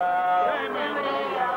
Yeah,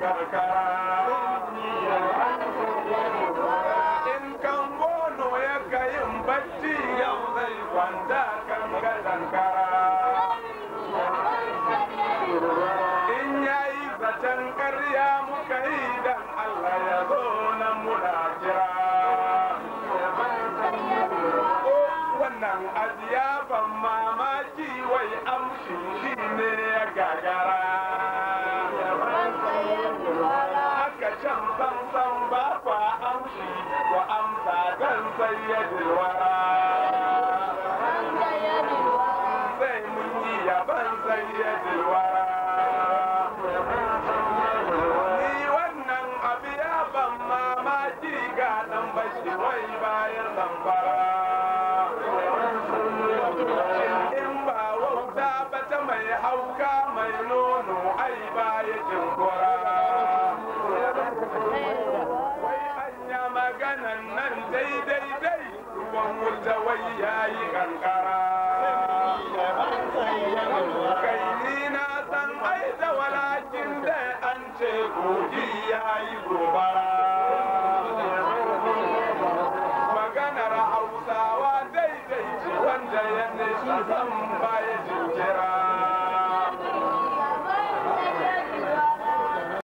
karkara shan sansan ba kwa amshi wa amsa kan sayyadin wara sai mun yi yaban sayyadin wara ni wannan abu ya ban ga dan bashi wai bayan zamfara ta wai yayi ƙanƙara kai ni na san ai da walakin da an ce kogi yayi gobara